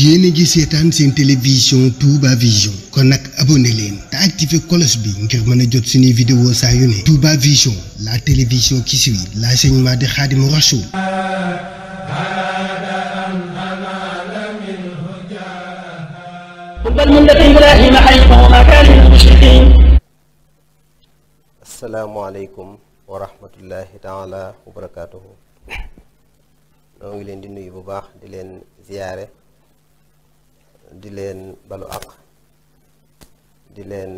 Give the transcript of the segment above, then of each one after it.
yéen a ngi seetaan seen télévision Touba Vision kon nag abonné leen te activé cloche bi ngir mën a jot suñuy vidéo saa yu ne Touba Vision la télévision qui suit l'enseignement de Khadimou Rassoul asalaamaaleykum wa rahmatullahi taala wa barakaatuhu noo ngi leen di nuyu bu baax di leen ziyaare di leen balu àq di leen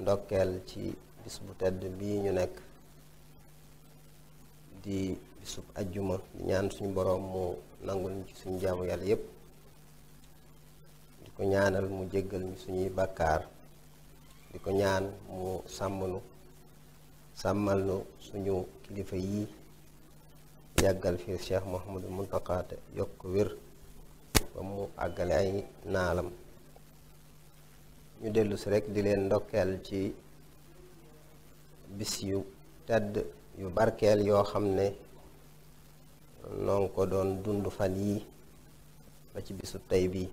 ndokkeel ci bis bu tedd bii ñu nekk di bisub ajjuma di ñaan suñu boroom mu nangul ñu ci suñu jaamu yàlla yépp di ko ñaanal mu jéggal ñu suñuy bàkkaar di ko ñaan mu sàmm nu suñu kilifa yi yàggal fi Cheikh Mouhamadou Mountakha te yokk wér ba mu àggale ay naalam ñu dellusi rekk di leen ndokkeel ci bis yu tedd yu barkeel yoo xam ne noo ko doon dund fan yii ba ci bisu tey bii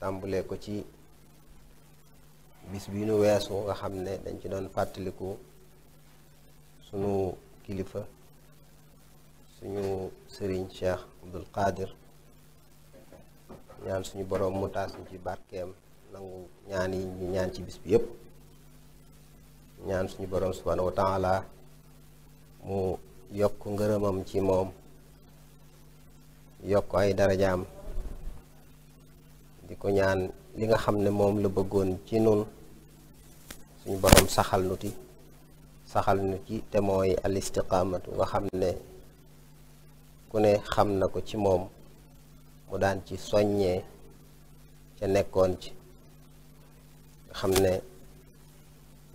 tàmbulee ko ci bis bi nu weesu nga xam ne dañ ci doon fàttaliku sunu kilifa suñu sëriñ Cheikh Abdul Qadir ñaan suñu boroom mu taas ñu ci barkeem nangu ñaan yi ñu ñaan ci bis bi yépp ñaan suñu boroom subhaanahu wa taala mu yokk ngërëmam ci moom yokk ay darajaam di ko ñaan li nga xam ne moom la bëggoon ci nun suñu boroom saxal nu saxal nu ci te mooy al istiqaamatu nga xam ne ku ne xam na ko ci moom mu daan ci soññee ca nekkoon ci xam ne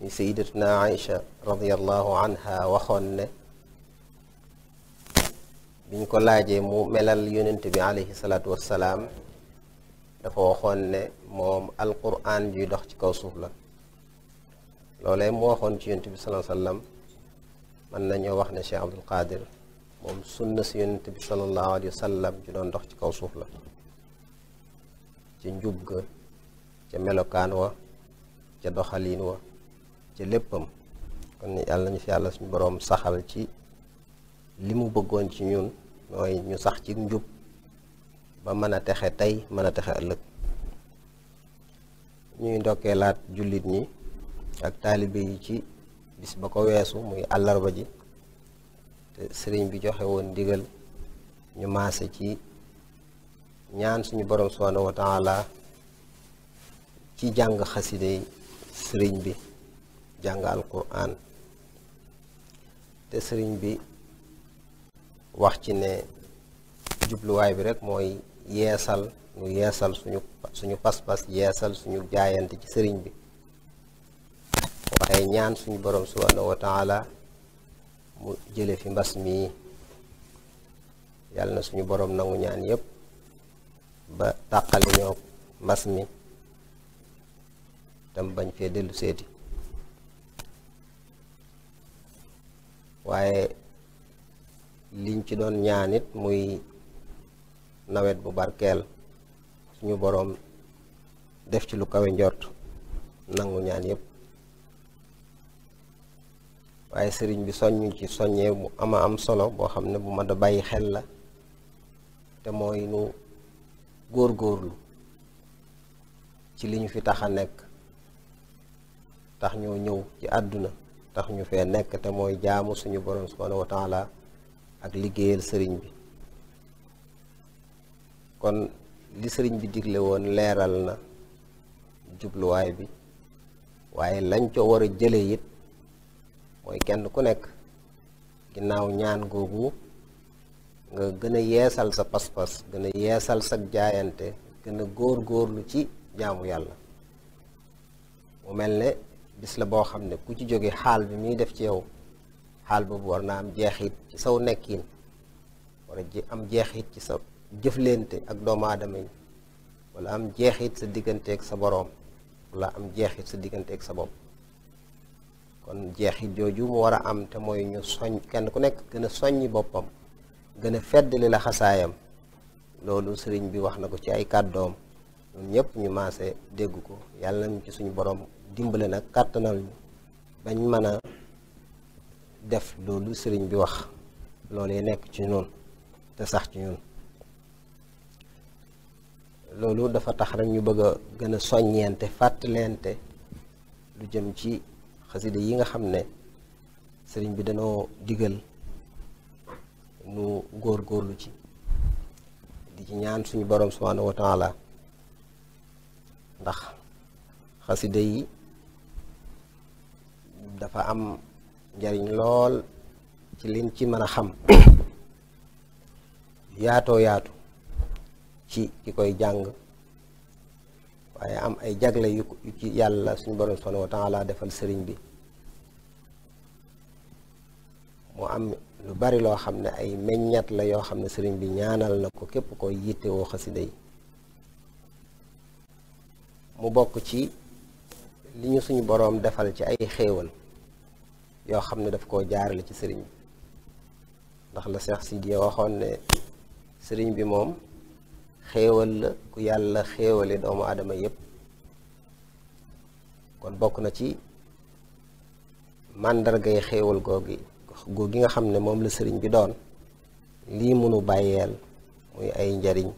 ni sayidatuna aïcha radiallahu anha waxoon ne biñ ko laajee mu melal yonent bi aleyhi salaatu wassalaam dafa waxoon ne moom alquran juy dox ci kaw suuf la loolee mu waxoon ci yonent bi salaa sallam mën nañoo wax ne Cheikh Abdul Qadir moom sunna si yonent bi sallallahu alayhi wa sallam ju doon dox ci kaw suuf la ca njub ga ca melokaan wa ca doxaliin wa ca léppam kon yàlla ñu fi yàlla suñu boroom saxal ci li mu bëggoon ci ñun mooy ñu sax ci njub ba mën a texe tey mën a texe ëllëg ñuy ndokkee laat jullit ñi ak taalibe yi ci bis ba ko weesu muy àllarba ji sëriñ bi joxe woon ndigal ñu maase ci ñaan suñu borom subhanahu wa taala ci jàng xaside sëriñ bi jàng alquran te sëriñ bi wax ci ne jubluwaay bi rek mooy yeesal nu yeesal suñu pas-pas yeesal suñu jaayante ci sëriñ bi waaye ñaan suñu boroom subhanahu wa mu jële fi mbas mii yàlla na suñu boroom nangu ñaan yépp ba tàqale ñoo mbas mi tam bañ fee dellu seeti waaye liñ ci doon ñaanit muy nawet bu barkeel suñu boroom def ci lu kawe njort nangu ñaan yépp waaye sëriñ bi soññ ci soññee bu ama am solo boo xam ne bu ma da bàyyi xel la te mooy nu góorgóorlu ci li ñu fi tax a nekk tax ñoo ñëw ci àdduna tax ñu fee nekk te mooy jaamu suñu borom subhanahu wa ak liggéeyal sëriñ bi kon li sëriñ bi digle woon leeral na jubluwaay bi waaye lañ co war a jële yit mooy kenn ku nekk ginnaaw ñaan googu nga gën a yeesal sa pas-pas gën a yeesal sa jaayante gën a góor góorlu ci jaamu yàlla mu mel ne bis la boo xam ne ku ci jóge xaal bi muy def ci yow xaal boobu war naa am jeexit ci saw nekkin wala ji am jeexit ci sa jëflente ak doomu aadama yi wala am jeexit sa digganteeg sa boroom wala am jeexit sa digganteeg sa bopp kon jeexi jooju mu war a am te mooy ñu soñ kenn ku nekk gën a soññi boppam gën a feddali la xasaayam loolu sëriñ bi wax na ko ci ay kàddoom ñëpp ñu maase dégg ko yàlla ci suñu borom dimbale nag kàttanal bañ mën a def loolu sëriñ bi wax loolu yi nekk ci ñun te sax ci ñun loolu dafa tax rek ñu bëgg a gën a soññeente fàttalente lu jëm ci xasida yi nga xam ne sëriñ bi danoo digal nu góor góorlu ci di ci ñaan suñu boroom subhaanahu wa taala ndax xasida yi dafa am njariñ lool ci liñ ci mën a xam yaatoo yaatu ci ki koy jàng waaye am ay jagle yu ci yàlla suñu borom subhanahu laa taala defal sëriñ bi mu am lu bari loo xam ne ay meññat la yoo xam ne sëriñ bi ñaanal na ko képp ko yitte woo xasida yi mu bokk ci li ñu suñu boroom defal ci ay xéewal yoo xam ne daf koo jaarale ci sëriñ bi ndax la Seex Sidiya waxoon ne sëriñ bi moom xéewal la ku yàlla xéewale doomu aadama yépp kon bokk na ci màndargay xéewal googi gi nga xam ne moom la sëriñ bi doon lii mënu bàyyeel muy ay njariñ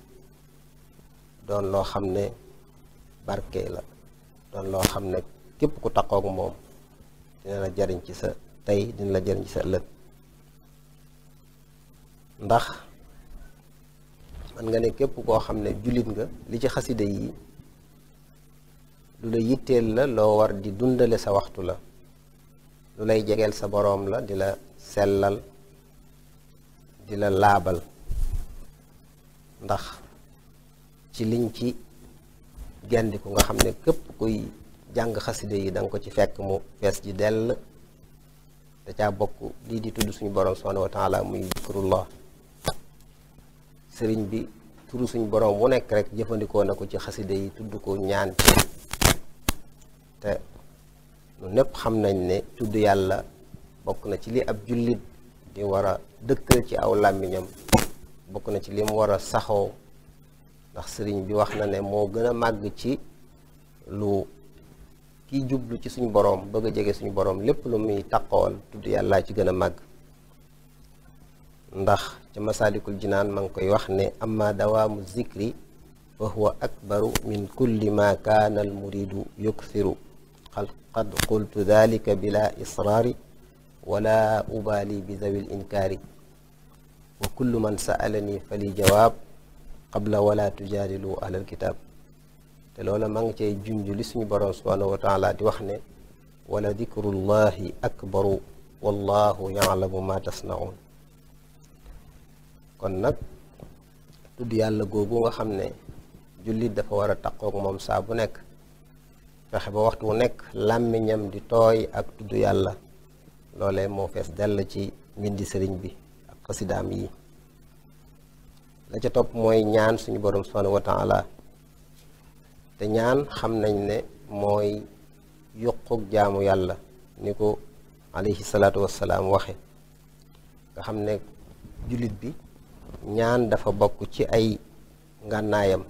doon loo xam ne barke la doon loo xam ne képp ku takkook moom dina la jariñ ci sa tey dina la jariñ ci sa ëllëg ndax man nga ne képp koo xam ne jullit nga li ci xasida yi lu la yitteel la loo war di dundale sa waxtu la lu lay jegeel sa boroom la di la sellal di la laabal ndax ci liñ ci ku nga xam ne képp kuy jàng xasida yi danga ko ci fekk mu fees ji dell da caa bokk lii di tudd suñu boroom subhanahu wa muy zikrullah sëriñ bi turu suñ borom mu nekk rek jëfandikoo na ko ci xasida yi tudd ko ñaan ci te ñun ñépp xam nañ ne tudd yàlla bokk na ci lii ab jullit di war a dëkkal ci aw làmmiñam bokk na ci li mu war a saxoo ndax sëriñ bi wax na ne moo gën a màgg ci lu kiy jublu ci suñu borom bëgg a jege suñu borom lépp lu muy taqool tudd yàllaa ci gën a màgg ndax ca masaalikul jinaan ma ngi koy wax ne amma dawaamu zikri fa huwa akbaru min kulli ma kaana al muridu yukthiru qad qultu bila israari wala ubaali bi dawi l inkaari wa man saalani fa li qabla wala tujaadilu ahlal kitaab te loola maa ngi cay junj li suñu boroom subhaanahu di wax ne wala dikrullahi akbaru wallahu yaalamu ma tasnaun kon nag tudd yàlla googu nga xam ne jullit dafa war a takkook moom saa bu nekk fexe ba waxtu wu nekk làmmiñam di tooy ak tudd yàlla loolee moo fees dell ci mbindi sëriñ bi ak xasidaam yi la ca topp mooy ñaan suñu borom subhanahu wa taala te ñaan xam nañ ne mooy yuquk jaamu yàlla ni ko alayhi salaatu wassalaam waxe nga xam ne jullit bi ñaan dafa bokk ci ay ngànnaayam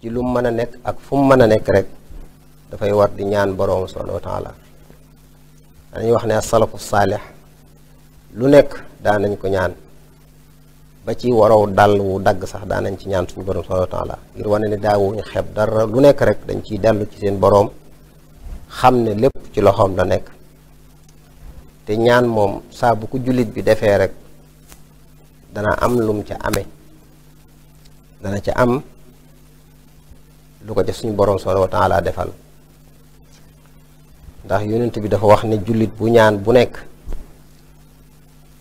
ci lu mën a nekk ak fu mu mën a nekk rek dafay war di ñaan boroomu subhaanahu wa taala dañuy wax ne asalafu saalix lu nekk daan nañ ko ñaan ba ci waraw dal wu dagg sax daan nañ ci ñaan suñu boroom subhaanahu wa ngir wane ne daawuñu xeeb dara lu nekk rek dañ ciy dellu ci seen boroom xam ne lépp ci loxoom la nekk te ñaan moom saa bu ko jullit bi defee rek dana am lum ca ame dana ca am lu ko ca suñu borom subhaanahu wa laa defal ndax yonent bi dafa wax ne jullit bu ñaan bu nekk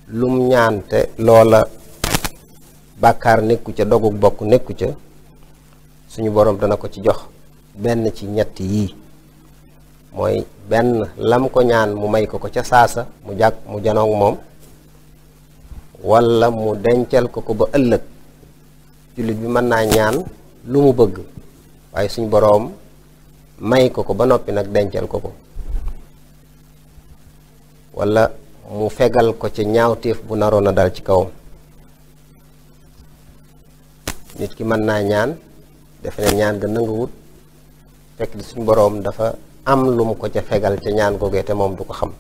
lum ñaan te loola bàkkaar nekku ca dogug bokk nekku ca suñu borom dana ko ci jox benn ci ñett yii mooy benn lam ko ñaan mu may ko ko ca saasa mu jàkk mu janoog moom wala mu dencal ko ko ba ëllëg jullit bi mën naa ñaan lu mu bëgg waaye suñ boroom may ko ko ba noppi nag dencal ko ko wala mu fegal ko ci ñaawteef bu naroon a dal ci kawam nit ki mën naa ñaan defe ne ñaan ga nanguwut fekk di suñ boroom dafa am lu mu ko ca fegal ca ñaan googee te moom du ko xam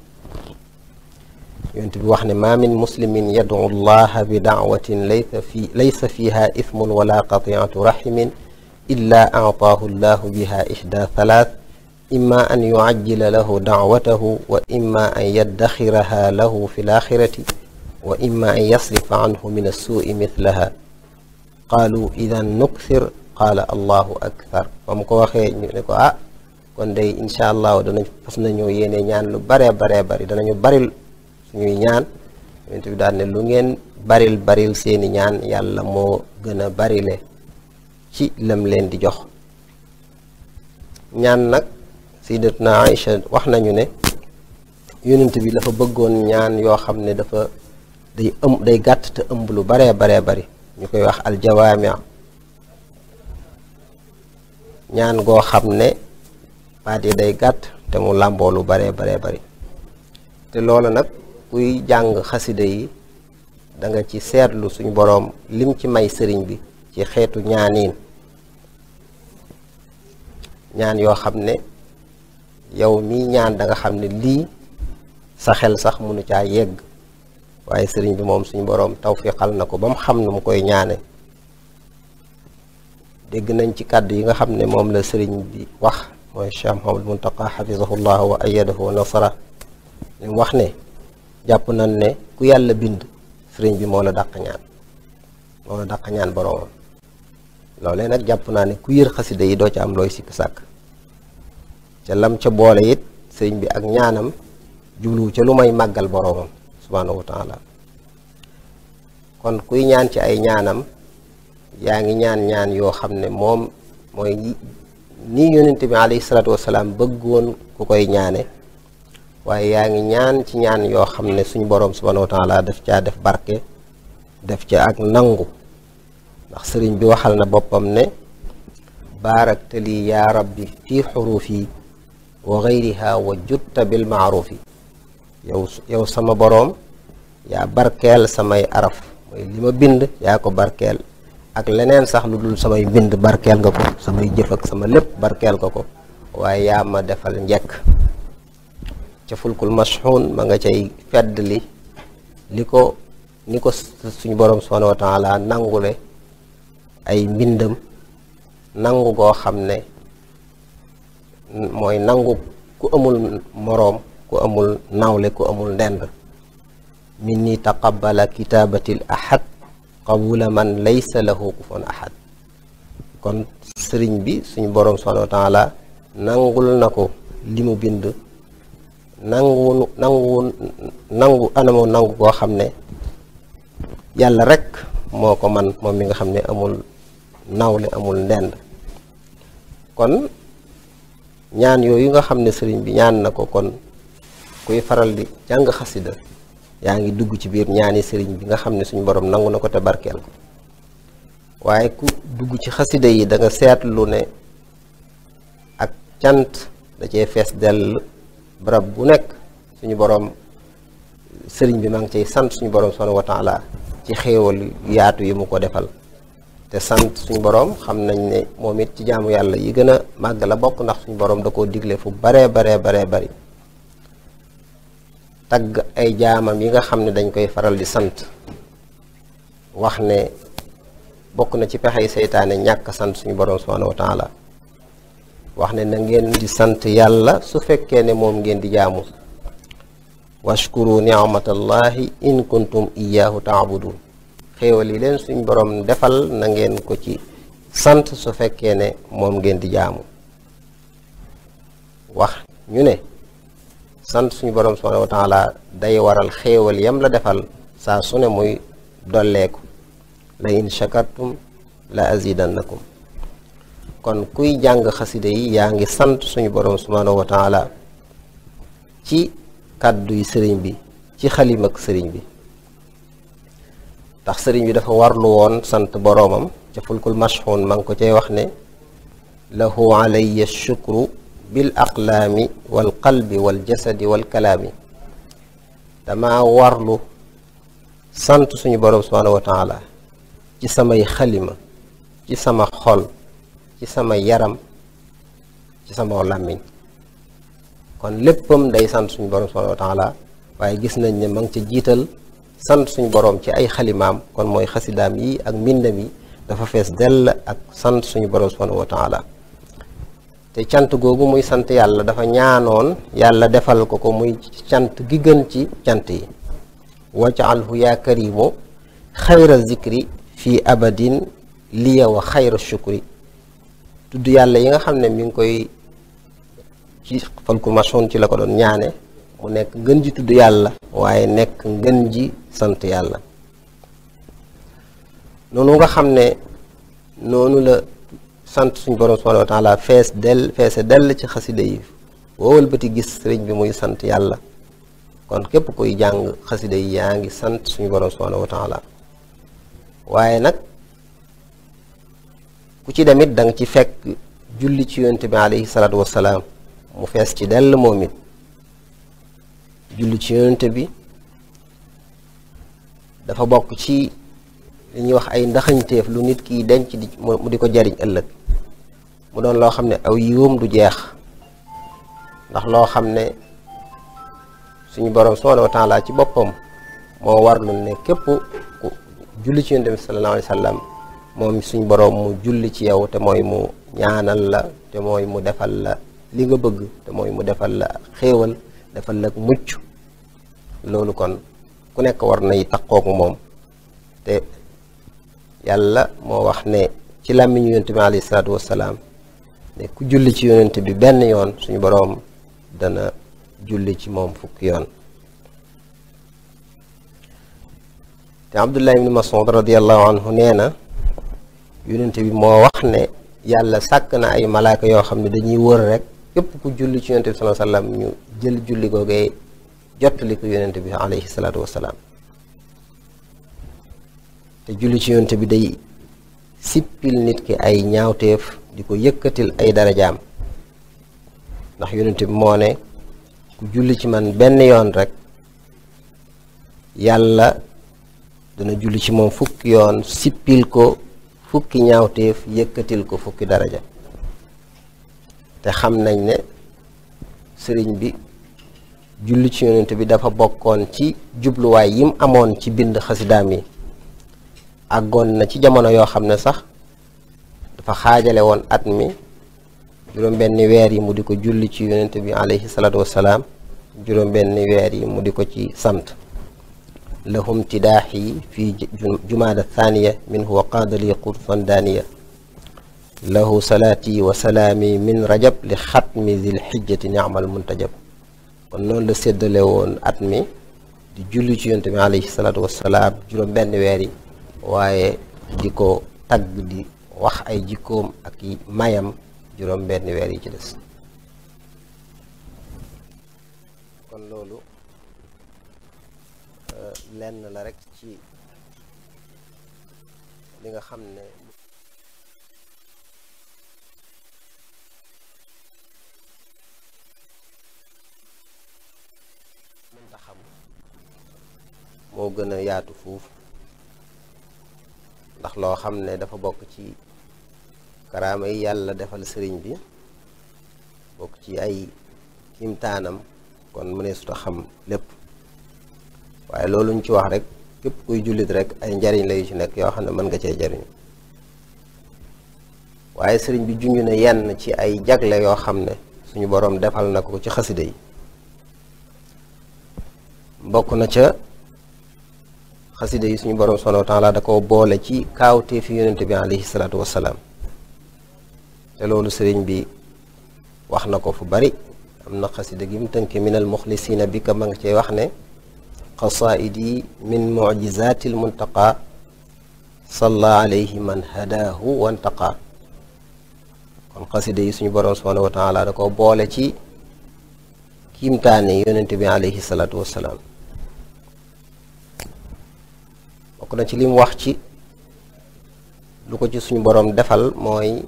yonent bi ma min muslimin yadu llaha bi daawatin fiha ismun wala qatiatu rahimin illa aataahu llahu biha ihda thalath imma an yuajjila lahu daawatahu wa an yaddaxiraha lahu fi laxirati an yasrifa anhu min assuui mithlaha qaalu idan nuksir qaala allahu akthar ba mu ko waxee ah, allah danañ fas nañoo yéene ñaan lu baree baree ñuy ñaan yonent bi daal ne lu ngeen baril baril seeni ñaan yàlla moo gën a barile ci lam leen di jox ñaan nag sayyidatuna Aïcha wax nañu ne yonent bi dafa bëggoon ñaan yoo xam ne dafa day ëm day gàtt te ëmb lu baree baree bari ñu koy wax aljawaamia ñaan goo xam ne baat yi day gàtt te mu làmboo lu baree baree bari te loolu nag kuy jàng xasida yi danga ci seetlu suñ boroom lim ci may sëriñ bi ci xeetu ñaaniin ñaan yoo xam ne yow mii ñaan da xam ne lii sa xel sax mënu caa yegg waaye sëriñ bi moom suñu boroom tawfiqal na ko ba mu xam na mu koy ñaane dégg nañ ci kàddu yi nga xam ne moom la sëriñ bi wax mooy Cheikh Mouhamadou Mountakha xafisahullah wa ayadahu wa nasara li wax ne jàpp nañ ne ku yàlla bind sëriñ bi moo la dàq ñaan moo la dàq ñaan boroomam loolee nag jàpp naa ne ku yër xasida yi doo ca am looy sikk sàkk ca lam ca boole it sëriñ bi ak ñaanam jubluwu ca lu may màggal boroomam subhaanahu wa taala kon kuy ñaan ci ay ñaanam yaa ngi ñaan ñaan yoo xam ne moom mooy nii yonente bi alayhi salaatu wasalaam bëggoon ku koy ñaane waaye yaa ngi ñaan ci ñaan yoo xam ne suñ boroom subhanahu wa taala daf caa def barke def ca ak nangu ndax sëriñ bi waxal na boppam ne baarakta lii yaa rabbi fii xuruufi wa gayriha wa jutta bil maarufi yow yow sama boroom yaa barkeel samay araf li ma bind yaa ko barkeel ak leneen sax lu dul samay bind barkeel nga ko samay jëf ak sama lépp barkeel nga ko waaye yaa ma defal njekk ca fulkul mashxuun ma nga cay fedd li li ko ni ko suñu borom subhaanahu wa taala nangule ay mbindam nangu goo xam ne mooy nangu ku amul moroom ku amul nawle ku amul ndend min ni taqabala kitaabatil ahad qabula man laysa lahu kufuwan ahad kon sëriñ bi suñu borom subhaanahu wa taala nangul na ko li mu bind nanguwunu nanguwun nangu anamu nangu koo xam ne yàlla rek moo ko man moom mi nga xam ne amul naw nawle amul ndend kon ñaan yooyu nga xam ne sëriñ bi ñaan na ko kon kuy faral di jàng xasida yaa ngi dugg ci biir ñaani sëriñ bi nga xam ne suñu borom nangu na ko te barkeel ko waaye ku dugg ci xasida yi da nga seetlu ne ak cant da cee fees dell barab bu nekk suñu boroom sëriñ bi maa ngi cay sant suñu boroom subhaanahu wa taala ci xéewal yaatu yi mu ko defal te sant suñu boroom xam nañ ne moom it ci jaamu yàlla yi gën a màgg la bokk ndax suñu boroom da koo digle fu baree baree baree bari tagg ay jaamam yi nga xam ne dañ koy faral di sant wax ne bokk na ci pexey seytaane ñàkk sant suñu boroom subhaanahu wa taala wax ne na ngeen di sant yàlla su fekkee ne moom ngeen di jaamu washkuru ni'matallahi in kuntum iyaahu taabudun xéewal yi leen suñ borom defal na ko ci sant su fekkee ne moom ngeen di jaamu wax ñu ne sant suñu borom subhanahu wa day waral xéewal yam la defal saa su ne muy dolleeku la in shakartum la azidannakum kon kuy jàng xasida yi yaa ngi sant suñu borom subhaanahu wa taala ci kàdduy sëriñ bi ci xalim ak sëriñ bi ndax sëriñ bi dafa warlu woon sant boroomam ca fulkul mashxuun ma ko cay wax ne lahu alayya shukru bil aqlaami wal qalbi wal jasadi wal kalaami dama warlu sant suñu borom subhaanahu wa taala ci samay xalima ci sama xol ci sama yaram ci sama làmmiñ kon léppam day sant suñu borom subhanahu wa taala waaye gis nañ ne ma ngi ca jiital sant suñu borom ci ay xalimaam kon mooy xasidaam yi ak mbindam yi dafa fees dell ak sant suñu borom subhanahu wa taala te cant googu muy sant yàlla dafa ñaanoon yàlla defal ko ko muy cant gi gën ci cant yi waj'alhu yaa karimu xayra zikri fii abadin liya wa xayra shukri tudd yàlla yi nga xam ne mi ngi koy ci falku ci la ko doon ñaane mu nekk ngën ji tudd yàlla waaye nekk ngën ji sant yàlla noonu nga xam ne noonu la sant suñ borom subhanahu wa taala fees dell feese dell ci xasida yi woowal bëti gis sëriñ bi muy sant yàlla kon képp koy jàng xasida yi yaa ngi sant suñu borom subhanahu wa taala waaye nag ku ci demit da nga ci fekk julli ci yonent bi alayhi salaatu wasalaam mu fees ci dell moom it julli ci yonent bi dafa bokk ci li ñuy wax ay ndaxañteef lu nit kiy denc di mu di ko jariñ ëllëg mu doon loo xam ne aw yoom du jeex ndax loo xam ne suñu boroom subhaanahu wa taala ci boppam moo warlu ne képp ku julli ci yonent bi sallallahu alayhi wa moom suñ boroom mu julli ci yow te mooy mu ñaanal la te mooy mu defal la li nga bëgg te mooy mu defal la xéewal defal la mucc loolu kon ku nekk war nay kooku moom te yàlla moo wax ne ci làmmiñu yonent bi alayhi salaatu wassalaam ne ku julli ci yonent bi benn yoon suñu boroom dana julli ci moom fukki yoon te Abdullah ibn Mas'ud radiyallahu anhu nee yonente bi moo wax ne yàlla sàkk na ay malaaka yoo xam ne dañuy wër rek képp ku julli ci yonente bi sallallahu alayhi ñu jël julli googee jottali ko bi alayhi salaatu wasalaam te julli ci yonente bi day sippil nit ki ay ñaawteef di ko yëkkatil ay darajaam ndax yonente bi moo ne ku julli ci man benn yoon rek yàlla dana julli ci moom fukki yoon sippil ko fukki ñaawteef yëkkatil ko fukki daraja te xam nañ ne sëriñ bi julli ci yonent bi dafa bokkoon ci jubluwaay yim amoon ci bind xasidaam yi àggoon na ci jamono yoo xam ne sax dafa xaajale woon at mi juróom benni weer yi mu di ko julli ci yonent bi aleyhi salaatu wassalaam juróom benni weer yi mu di ko ci sant lahum tidaaxi fi jumaada thaniya minhu wa qaada li qurfan daaniya lahu salaati wa salaami min rajab li xatmi zil xijjati niamal muntajab kon noonu la séddale woon at mi di julli ci yonte bi alayhi salaatu wasalaam juróom waaye di ko tagg di wax ay jikkoom ak mayam juróom benn weer yi ci des lenn la rekk ci li nga xam ne mënta xam moo gën a yaatu fuuf ndax loo xam ne dafa bokk ci karaama yi yàlla defal sëriñ bi bokk ci ay kimtaanam kon mëneesuta xam lépp waaye loolu ñu ci wax rek képp kuy jullit rek ay njariñ la yu ci nekk yoo xam ne mën nga cee jariñu waaye sëriñ bi junj na yenn ci ay jagle yoo xam ne suñu boroom defal na ko ci xasida yi bokk na ca xasida yi suñu boroom subhaanahu wa taala da ko boole ci kaawtee fi yonente bi alayhi salaatu wassalaam loolu sëriñ bi wax na ko fu bari am na xasida gi mu tënk minal muxlisiina bi ka ma nga cee wax ne qasaa'idi min mucjizaati lmuntaqa salla alayhi man hadaahu wantaqa kon xasida yi suñu boroom subhaanahu wa da ko boole ci kiimtaane yonent bi alayhi salaatu wassalaam bokk na ci lim wax ci lu ko ci suñu boroom defal mooy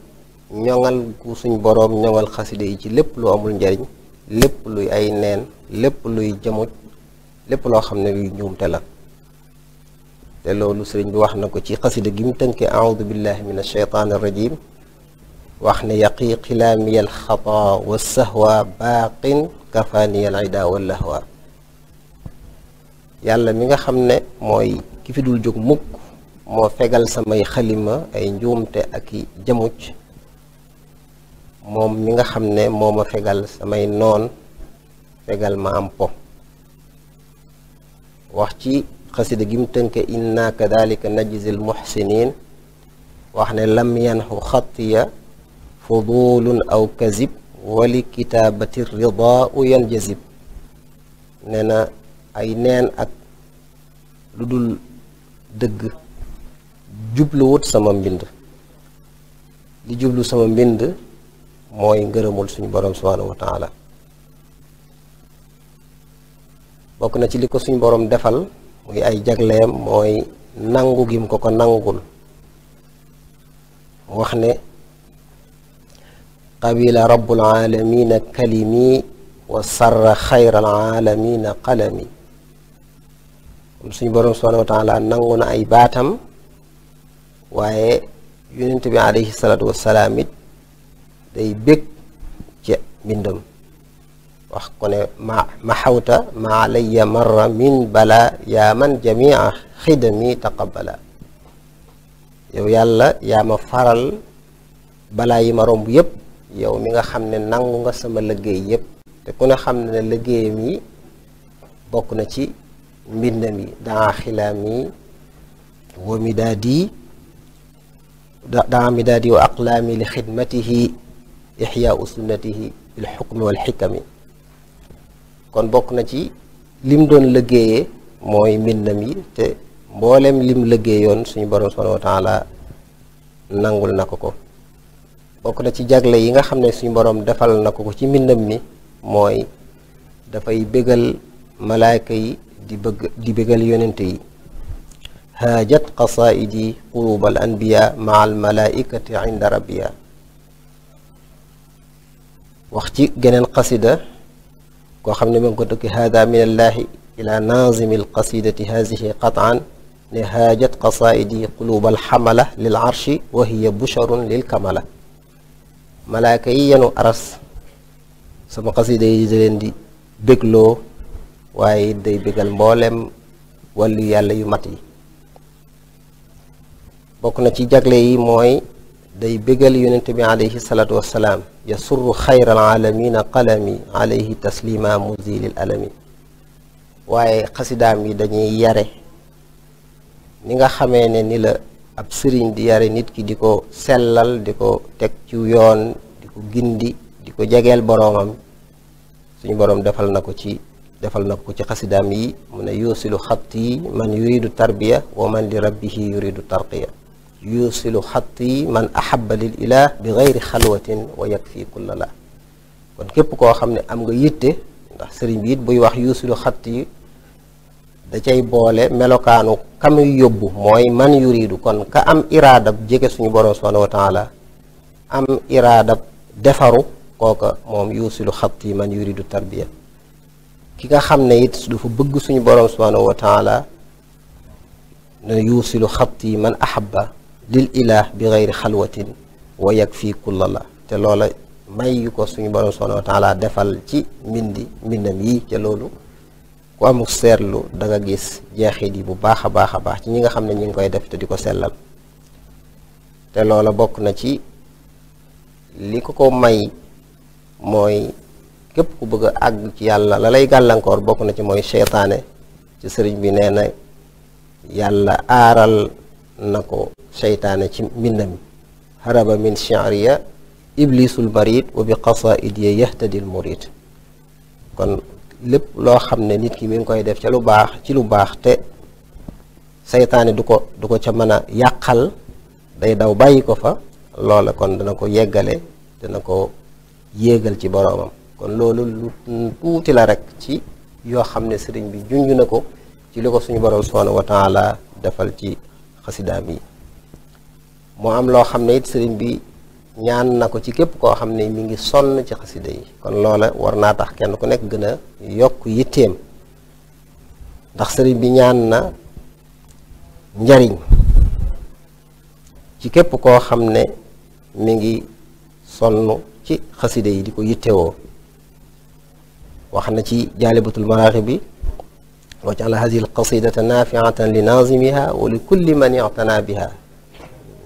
ñoŋal ku suñu boroom ñoŋal xasida yi ci lépp lu amul njariñ lépp luy ay neen lépp luy jamuj lépp loo xam ne luy njuumte la te loolu sëriñ bi wax na ko ci xasida gi mu tënkee aoudu billahi min alcheytaan arrajim wax ne yaqi xilaami alxataa wa sahwa baaqin kafaani alida wallahwa yàlla mi nga xam ne mooy ki fi dul jóg mukk moo fegal samay xalima ay njuumte ak i jamuj moom mi nga xam ne moo ma fegal samay noon fegal ma am po wax ci xasida gi mu tënke inna kadalika najzil muhsinin wax ne lam yanxu xattiya fudulun aw kazib wali kitaabati ridaa u yanjazib nee na ay neen ak lu dul dëgg jubluwut sama mbind li jublu sama mbind mooy ngërëmul suñu borom subhanahu wa bokk na ci li ko suñ boroom defal muy ay jagleem mooy nangu gim ko ko nangul wax ne qabila rabbul aalamiina kalimi wa sarra xayral aalamiina qalami suñ borom subhaanahu wa taala nangu na ay baatam waaye yonent bi alayhi salaatu wassalaam it day ci mbindam wax ko ne ma maxawta ma alayya marra min bala yaa man jamia mi taqabala yow yàlla yaa ma faral bala yi ma romb yépp yow mi nga xam ne nangu nga sama liggéey yépp te ku xam ne liggéeyam yi bokk na ci mbindam mi daa xilaam yi wa midaadi daa midaadi wa aqlaami li xidmatihi ixyaau sunnatihi bil xukmi wal xikami kon bokk na ci lim doon liggéeyee mooy mbindam yi te mboolem lim liggéeyoon suñu borom subhanahu wa nangul na ko ko bokk na ci jagle yi nga xam ne suñu boroom defal na ko ko ci mbindam mi mooy dafay bégal malaayka yi di bëgg di bégal yonente yi haajat qasaidi quluba al anbiya al malaikati inda rabbiya wax ci geneen xasida koo xam ne ma ngi ko tukki hada min allaahi ila naazimi alqasidati haadihi qataan ne haajat qasaidi quluub alxamala lil arshi wa hiya busharun lil kamala malaaka yi yenu aras sama xasida yi da leen di bégloo waaye day bégal mboolem wàllu yàlla yu mat yi na ci jagle mooy day bégal yonent bi alayhi salaatu wassalaam yasurru xayral aalamiina qalami alayhi taslima muzilil alami waaye xasidaam yi dañuy yare ni nga xamee ne ni la ab sëriñ di yare nit ki di ko sellal di ko teg ci yoon di ko gindi di ko jegeel boroomam suñu boroom defal na ko ci defal na ko ci xasidaam yi mu ne yuusilu xabt yi man yuridu tarbiya wa man li rabbihi yuridu tarqiya yuusilu xatti man ahaba lil ilah bi gayri xalwatin wa yakfi kulla la kon képp koo xam ne am nga yitte ndax sëriñ bi buy wax yuusilu xatti da cay boole melokaanu kamuy yóbbu mooy man yuridu kon ka am iraadab jege suñu borom subhanahu wa taala am iraadab defaru kooka moom yuusilu xatti man yuridu tarbiya ki nga xam ne it dafa bëgg suñu borom subhanahu wa taala ne yuusilu man ahaba lil ilaah bi gayri xalwatin wa yakfi kulla la te loola may yu ko suñu borom subhaanahu wa laa defal ci mbindi mbindam yi ca loolu ku amul seetlu danga gis jeexit yi bu baax a baax a baax ci ñi nga xam ne ñu ngi koy def te di ko sellal te loola bokk na ci li ko ko may mooy képp ku bëgg a àgg ci yàlla la lay gàllankoor bokk na ci mooy seytaane ci sëriñ bi neena yàlla aaral na ko seytaane ci mbindam haraba min shi'riya iblisul barid wa bi qasaid ya yahtadil murid kon lépp loo xam ne nit ki mi koy def ca lu baax ci lu baax te seytaane du ko du ko ca mën a yàqal day daw bàyyi ko fa loola kon dana ko yeggale dana ko yéegal ci boroomam kon loolu lu tuuti la rek ci yoo xam ne sëriñ bi junj na ko ci li ko suñu borom subhanahu wa taala defal ci xasidaam yi moo am loo xam ne it sëriñ bi ñaan na ko ci képp koo xam ne mi ngi sonn ci xasida yi kon loola war naa tax kenn ku nekk gën a yokk yitteem ndax sëriñ bi ñaan na njariñ ci képp koo xam ne mi ngi sonn ci xasida yi di ko yittewoo wax na ci jaalibatul maraaxi bi واجعل هذه القصيدة نافعة لناظمها ولكل من اعتنى بها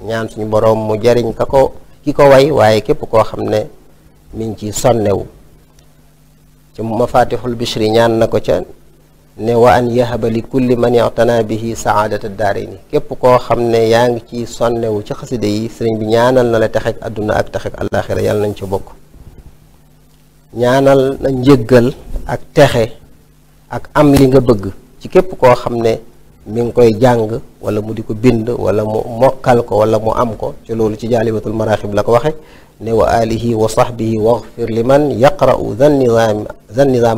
ñaan suñu borom mu jariñ ka ko ki ko way waaye képp koo xam ne mi ngi ci sonnewu ci mafatixul bishri ñaan na ko ca ne wa an yahaba li kulli man i'tana bihi saadata daarayni képp koo xam ne yaa ngi ciy sonnewu ci xasida yi sëriñ bi ñaanal na la texek àdduna ak texek àllaaxira yàlla nañ ca bokk ñaanal na njëggal ak texe ak am li nga bëgg ci képp koo xam ne mi ngi koy jàng wala mu di ko bind wala mu mokkal ko wala mu am ko ci loolu ci jaalibatul maraaxib la ko waxe ne wa alihi wa sahbihi li man yaqra'u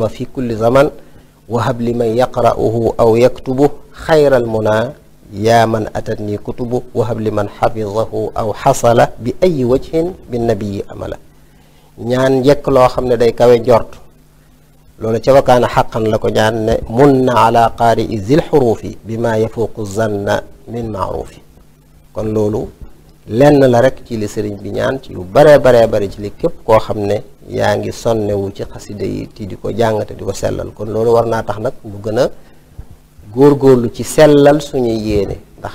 fi kulli zaman wahab li man yaqra'uhu atatni kutubu wahab li man xafidahu aw xasala bi ayi wajhin bi nabiyi amala ñaan njëkk loo xam ne day kawe njort loolu ca wakaana xaqan la ko ñaan ne mun na ala qaari izil xuruufi bi ma yafuuqu zanna min maaruufi kon loolu lenn la rek ci li sëriñ bi ñaan ci lu baree baree bari ci li képp koo xam ne yaa ngi sonnewu ci xasida yi ti di ko jàngate di ko sellal kon loolu war naa tax nag mu gën a góorgóorlu ci sellal suñuy yéene ndax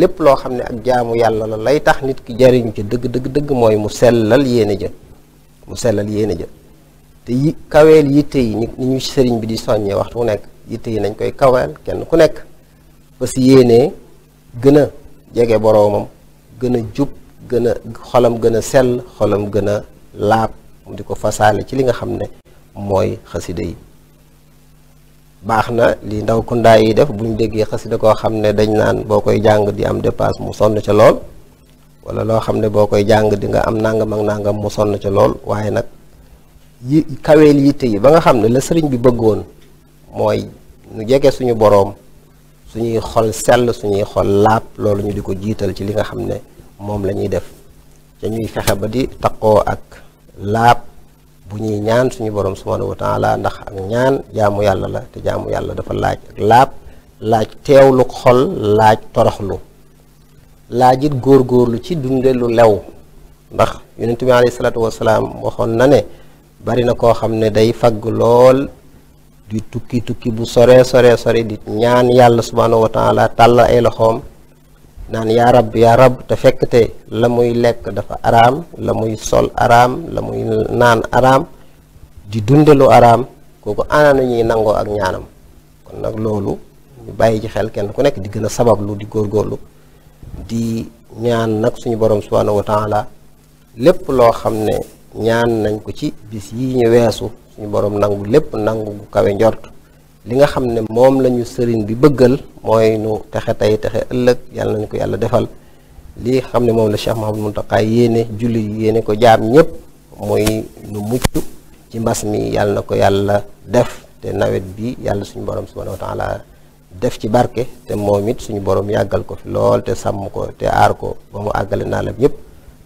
lépp loo xam ne ak jaamu yàlla la lay tax nit ki jariñu ci dëgg dëgg dëgg mooy mu sellal yéene ja mu sellal yéene ja te yi kaweel yitte yi ni ñu sëriñ bi di soññee waxtu wu nekk yitte yi nañ koy kaweel kenn ku nekk parce que gën a jege boroomam gën a jub gën a xolam gën a sell xolam gën a laab mu di ko fasaale ci li nga xam ne mooy xasida yi baax na li ndaw kundaay yi def bu ñu déggee xasida koo xam ne dañ naan boo koy jàng di am dépasse mu sonn ca lool wala loo xam ne boo koy jàng di nga am nangam ak nangam mu sonn ca lool waaye nag yi kaweel yitte yi ba nga xam ne la sëriñ bi bëggoon mooy nu jege suñu boroom suñuy xol sell suñuy xol laab loolu ñu di ko jiital ci li nga xam ne moom la ñuy def ca ñuy fexe ba di takkoo ak laab bu ñuy ñaan suñu boroom subhanahu wa ndax ak ñaan jaamu yàlla la te jaamu yàlla dafa laaj ak laab laaj teewlu xol laaj toroxlu laaj góor góorgóorlu ci dunde lu lew ndax yonent bi alayhi salaatu wasalaam waxoon na ne bari na koo xam ne day fagg lool di tukki tukki bu sore sore sore di ñaan yàlla subhaanahu wa tàll ay loxoom naan yaa rab yaa rab te fekkte la muy lekk dafa araam la muy sol araam la muy naan araam di dundelu araam kooku ana na ñuy nangoo ak ñaanam kon nag loolu ñu bàyyi ci xel kenn ku nekk di gën a sabablu di góorgóorlu di ñaan nag suñu borom subhaanahu wa taala lépp loo xam ne ñaan nañ ko ci bis yi ñu weesu suñu boroom nangu lépp nangu gu kawe njort li nga xam ne moom lañu sëriñ bi bëggal mooy nu texe tey texe ëllëg yàlla nañ ko yàlla defal li xam ne moom la Cheikh Mouhamadou Mountakha yéene jullit yéene ko jaam ñépp mooy nu mucc ci mbas mi yàlla na ko yàlla def te nawet bi yàlla suñu borom subhanahu wa taala def ci barke te moom it suñu borom yàggal ko fi lool te sàmm ko te aar ko ba mu àggale naa la yépp